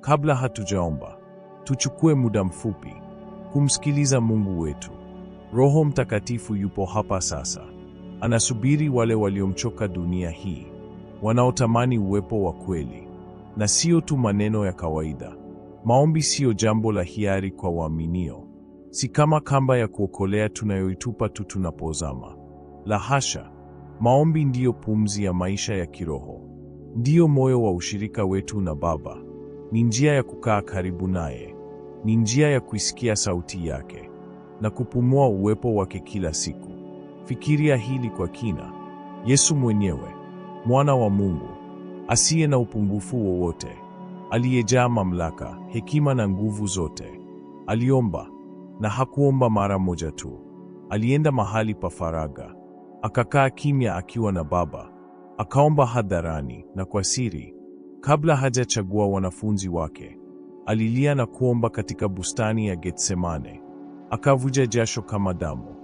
Kabla hatujaomba, tuchukue muda mfupi kumsikiliza Mungu wetu. Roho Mtakatifu yupo hapa sasa. Anasubiri wale waliomchoka dunia hii, wanaotamani uwepo wa kweli na sio tu maneno ya kawaida. Maombi siyo jambo la hiari kwa waaminio, si kama kamba ya kuokolea tunayoitupa tu tunapozama. La hasha! Maombi ndiyo pumzi ya maisha ya kiroho, ndiyo moyo wa ushirika wetu na Baba. Ni njia ya kukaa karibu naye, ni njia ya kuisikia sauti yake na kupumua uwepo wake kila siku. Fikiria hili kwa kina. Yesu mwenyewe, mwana wa Mungu asiye na upungufu wowote, aliyejaa mamlaka, hekima na nguvu zote, aliomba na hakuomba mara moja tu. Alienda mahali pa faraga akakaa kimya akiwa na Baba, akaomba hadharani na kwa siri. Kabla hajachagua wanafunzi wake, alilia na kuomba katika bustani ya Getsemane, akavuja jasho kama damu,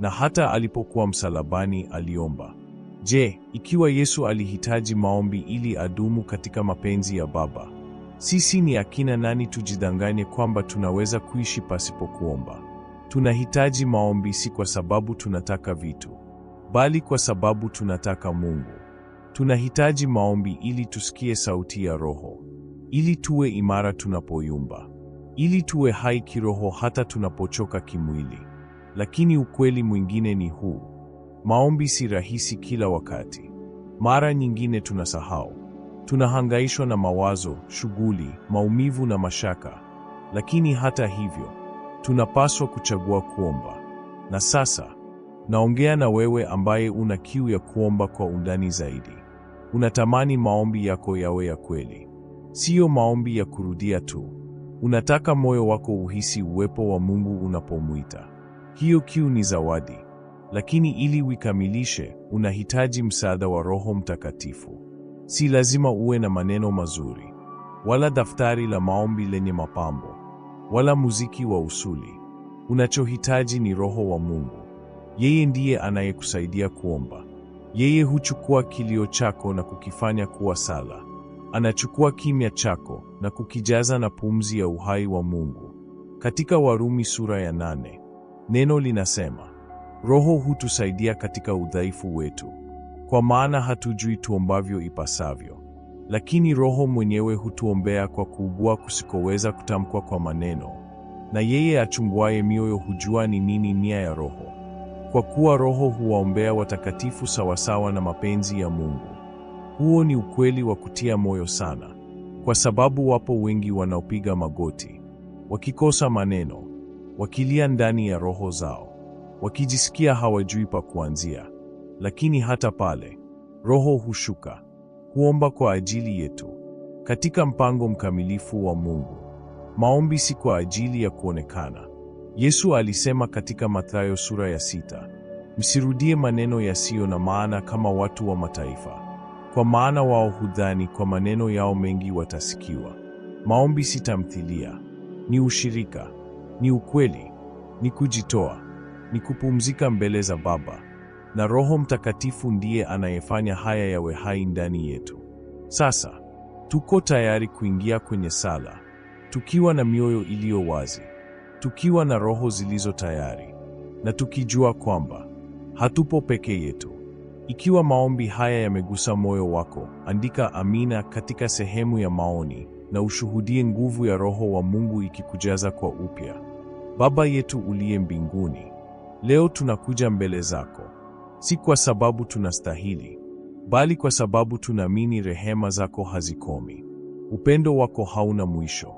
na hata alipokuwa msalabani aliomba. Je, ikiwa Yesu alihitaji maombi ili adumu katika mapenzi ya Baba, sisi ni akina nani tujidanganye kwamba tunaweza kuishi pasipo kuomba? Tunahitaji maombi si kwa sababu tunataka vitu, bali kwa sababu tunataka Mungu. Tunahitaji maombi ili tusikie sauti ya Roho, ili tuwe imara tunapoyumba, ili tuwe hai kiroho hata tunapochoka kimwili. Lakini ukweli mwingine ni huu: maombi si rahisi kila wakati. Mara nyingine tunasahau, tunahangaishwa na mawazo, shughuli, maumivu na mashaka. Lakini hata hivyo, tunapaswa kuchagua kuomba. Na sasa naongea na wewe ambaye una kiu ya kuomba kwa undani zaidi. Unatamani maombi yako yawe ya kweli, siyo maombi ya kurudia tu. Unataka moyo wako uhisi uwepo wa Mungu unapomwita. Hiyo kiu ni zawadi, lakini ili uikamilishe, unahitaji msaada wa Roho Mtakatifu. Si lazima uwe na maneno mazuri, wala daftari la maombi lenye mapambo, wala muziki wa usuli. Unachohitaji ni Roho wa Mungu. Yeye ndiye anayekusaidia kuomba. Yeye huchukua kilio chako na kukifanya kuwa sala. Anachukua kimya chako na kukijaza na pumzi ya uhai wa Mungu. Katika Warumi sura ya nane, neno linasema, Roho hutusaidia katika udhaifu wetu, kwa maana hatujui tuombavyo ipasavyo, lakini Roho mwenyewe hutuombea kwa kuugua kusikoweza kutamkwa kwa maneno. Na yeye achunguaye mioyo hujua ni nini nia ya Roho kwa kuwa Roho huwaombea watakatifu sawasawa na mapenzi ya Mungu. Huo ni ukweli wa kutia moyo sana, kwa sababu wapo wengi wanaopiga magoti, wakikosa maneno, wakilia ndani ya roho zao, wakijisikia hawajui pa kuanzia. Lakini hata pale, Roho hushuka, huomba kwa ajili yetu katika mpango mkamilifu wa Mungu. Maombi si kwa ajili ya kuonekana, Yesu alisema katika Mathayo sura ya sita, msirudie maneno yasiyo na maana kama watu wa mataifa, kwa maana wao hudhani kwa maneno yao mengi watasikiwa. Maombi si tamthilia, ni ushirika, ni ukweli, ni kujitoa, ni kupumzika mbele za Baba, na Roho Mtakatifu ndiye anayefanya haya yawe hai ndani yetu. Sasa tuko tayari kuingia kwenye sala tukiwa na mioyo iliyo wazi tukiwa na roho zilizo tayari na tukijua kwamba hatupo peke yetu. Ikiwa maombi haya yamegusa moyo wako, andika amina katika sehemu ya maoni na ushuhudie nguvu ya Roho wa Mungu ikikujaza kwa upya. Baba yetu uliye mbinguni, leo tunakuja mbele zako, si kwa sababu tunastahili, bali kwa sababu tunaamini rehema zako hazikomi, upendo wako hauna mwisho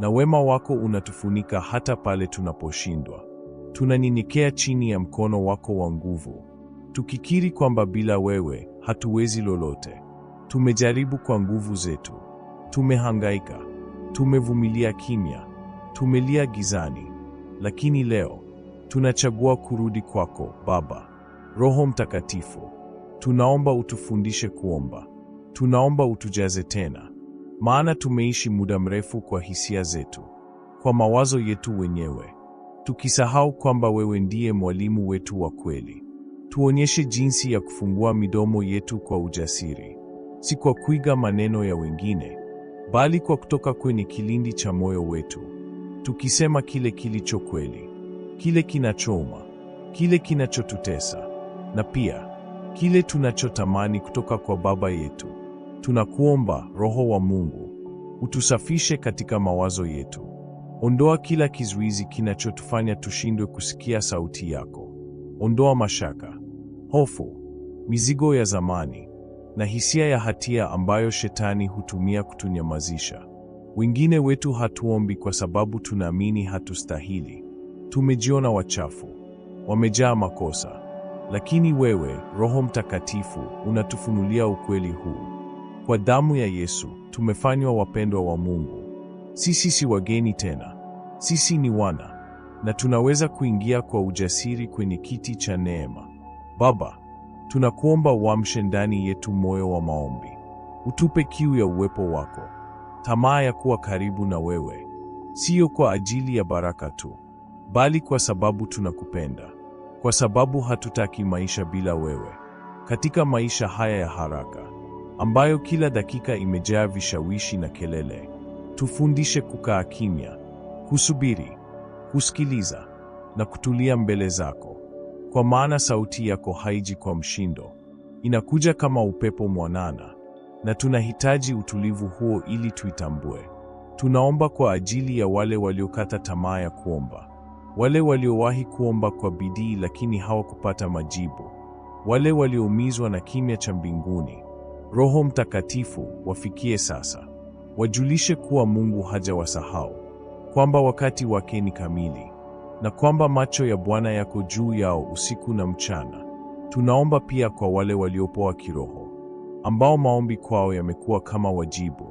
na wema wako unatufunika hata pale tunaposhindwa. Tunanyenyekea chini ya mkono wako wa nguvu, tukikiri kwamba bila wewe hatuwezi lolote. Tumejaribu kwa nguvu zetu, tumehangaika, tumevumilia kimya, tumelia gizani, lakini leo tunachagua kurudi kwako Baba. Roho Mtakatifu, tunaomba utufundishe kuomba, tunaomba utujaze tena maana tumeishi muda mrefu kwa hisia zetu, kwa mawazo yetu wenyewe, tukisahau kwamba wewe ndiye mwalimu wetu wa kweli. Tuonyeshe jinsi ya kufungua midomo yetu kwa ujasiri, si kwa kuiga maneno ya wengine, bali kwa kutoka kwenye kilindi cha moyo wetu, tukisema kile kilicho kweli, kile kinachouma, kile kinachotutesa, na pia kile tunachotamani kutoka kwa Baba yetu. Tunakuomba Roho wa Mungu utusafishe katika mawazo yetu. Ondoa kila kizuizi kinachotufanya tushindwe kusikia sauti yako. Ondoa mashaka, hofu, mizigo ya zamani na hisia ya hatia ambayo shetani hutumia kutunyamazisha. Wengine wetu hatuombi kwa sababu tunaamini hatustahili. Tumejiona wachafu, wamejaa makosa. Lakini wewe, Roho Mtakatifu, unatufunulia ukweli huu. Kwa damu ya Yesu tumefanywa wapendwa wa Mungu. Sisi si wageni tena, sisi ni wana, na tunaweza kuingia kwa ujasiri kwenye kiti cha neema. Baba, tunakuomba uamshe ndani yetu moyo wa maombi, utupe kiu ya uwepo wako, tamaa ya kuwa karibu na wewe, siyo kwa ajili ya baraka tu, bali kwa sababu tunakupenda, kwa sababu hatutaki maisha bila wewe katika maisha haya ya haraka ambayo kila dakika imejaa vishawishi na kelele. Tufundishe kukaa kimya, kusubiri, kusikiliza na kutulia mbele zako, kwa maana sauti yako haiji kwa mshindo, inakuja kama upepo mwanana, na tunahitaji utulivu huo ili tuitambue. Tunaomba kwa ajili ya wale waliokata tamaa ya kuomba, wale waliowahi kuomba kwa bidii lakini hawakupata majibu, wale walioumizwa na kimya cha mbinguni Roho Mtakatifu, wafikie sasa. Wajulishe kuwa Mungu hajawasahau, kwamba wakati wake ni kamili, na kwamba macho ya Bwana yako juu yao usiku na mchana. Tunaomba pia kwa wale waliopoa kiroho, ambao maombi kwao yamekuwa kama wajibu,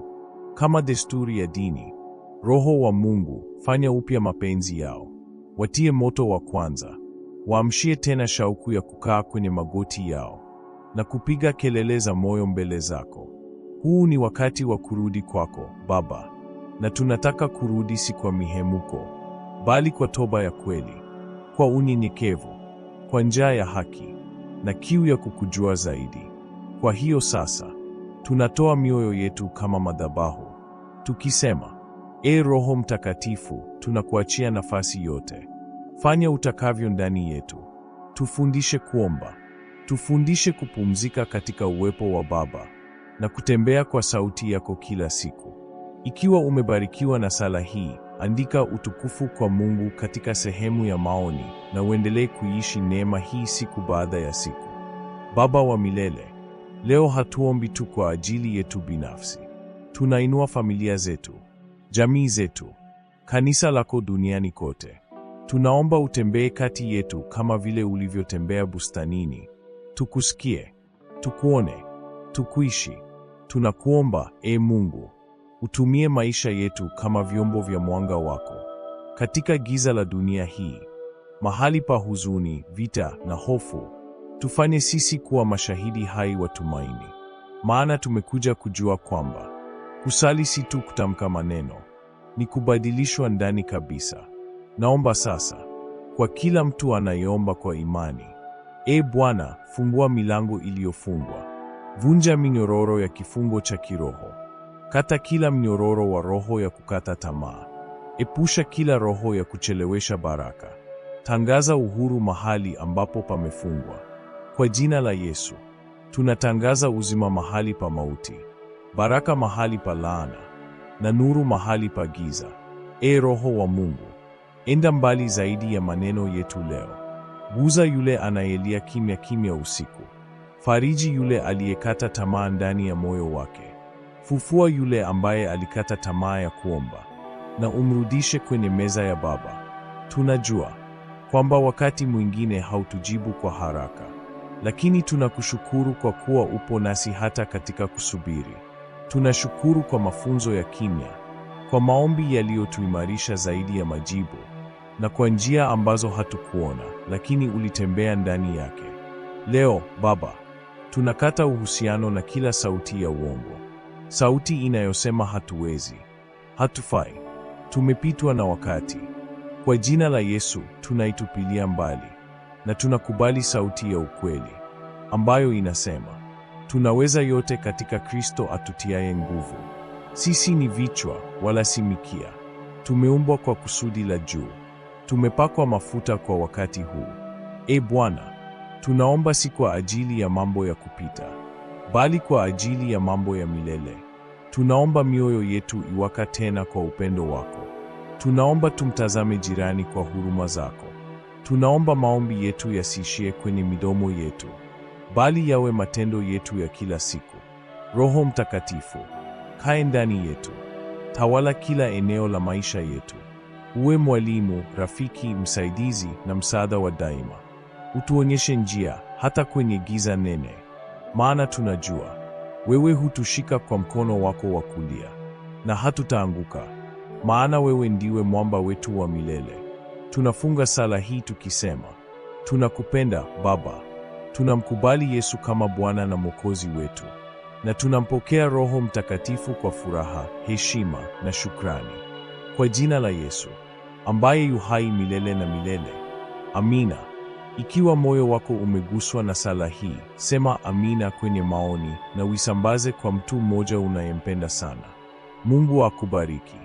kama desturi ya dini. Roho wa Mungu, fanya upya mapenzi yao, watie moto wa kwanza, waamshie tena shauku ya kukaa kwenye magoti yao na kupiga kelele za moyo mbele zako. Huu ni wakati wa kurudi kwako Baba, na tunataka kurudi si kwa mihemuko, bali kwa toba ya kweli, kwa unyenyekevu, kwa njaa ya haki na kiu ya kukujua zaidi. Kwa hiyo sasa tunatoa mioyo yetu kama madhabahu, tukisema: E Roho Mtakatifu, tunakuachia nafasi yote, fanya utakavyo ndani yetu, tufundishe kuomba Tufundishe kupumzika katika uwepo wa Baba na kutembea kwa sauti yako kila siku. Ikiwa umebarikiwa na sala hii, andika utukufu kwa Mungu katika sehemu ya maoni na uendelee kuishi neema hii siku baada ya siku. Baba wa milele, leo hatuombi tu kwa ajili yetu binafsi. Tunainua familia zetu, jamii zetu, kanisa lako duniani kote. Tunaomba utembee kati yetu kama vile ulivyotembea bustanini tukusikie, tukuone, tukuishi. Tunakuomba e Mungu, utumie maisha yetu kama vyombo vya mwanga wako katika giza la dunia hii, mahali pa huzuni, vita na hofu. Tufanye sisi kuwa mashahidi hai wa tumaini, maana tumekuja kujua kwamba kusali si tu kutamka maneno, ni kubadilishwa ndani kabisa. Naomba sasa kwa kila mtu anayeomba kwa imani E Bwana, fungua milango iliyofungwa, vunja minyororo ya kifungo cha kiroho, kata kila mnyororo wa roho ya kukata tamaa, epusha kila roho ya kuchelewesha baraka. Tangaza uhuru mahali ambapo pamefungwa. Kwa jina la Yesu tunatangaza uzima mahali pa mauti, baraka mahali pa laana, na nuru mahali pa giza. E Roho wa Mungu, enda mbali zaidi ya maneno yetu leo. Guza yule anayelia kimya kimya usiku. Fariji yule aliyekata tamaa ndani ya moyo wake. Fufua yule ambaye alikata tamaa ya kuomba, na umrudishe kwenye meza ya Baba. Tunajua kwamba wakati mwingine hautujibu kwa haraka, lakini tunakushukuru kwa kuwa upo nasi hata katika kusubiri. Tunashukuru kwa mafunzo ya kimya, kwa maombi yaliyotuimarisha zaidi ya majibu na kwa njia ambazo hatukuona, lakini ulitembea ndani yake. Leo Baba, tunakata uhusiano na kila sauti ya uongo, sauti inayosema hatuwezi, hatufai, tumepitwa na wakati. Kwa jina la Yesu tunaitupilia mbali na tunakubali sauti ya ukweli ambayo inasema tunaweza yote katika Kristo atutiaye nguvu. Sisi ni vichwa wala si mikia, tumeumbwa kwa kusudi la juu. Tumepakwa mafuta kwa wakati huu. E Bwana, tunaomba si kwa ajili ya mambo ya kupita, bali kwa ajili ya mambo ya milele. Tunaomba mioyo yetu iwaka tena kwa upendo wako. Tunaomba tumtazame jirani kwa huruma zako. Tunaomba maombi yetu yasiishie kwenye midomo yetu, bali yawe matendo yetu ya kila siku. Roho Mtakatifu, kae ndani yetu, tawala kila eneo la maisha yetu. Uwe mwalimu, rafiki, msaidizi na msaada wa daima. Utuonyeshe njia hata kwenye giza nene, maana tunajua wewe hutushika kwa mkono wako wa kulia na hatutaanguka, maana wewe ndiwe mwamba wetu wa milele. Tunafunga sala hii tukisema, tunakupenda Baba, tunamkubali Yesu kama Bwana na Mwokozi wetu, na tunampokea Roho Mtakatifu kwa furaha, heshima na shukrani. Kwa jina la Yesu ambaye yu hai milele na milele. Amina. Ikiwa moyo wako umeguswa na sala hii, sema amina kwenye maoni na uisambaze kwa mtu mmoja unayempenda sana. Mungu akubariki.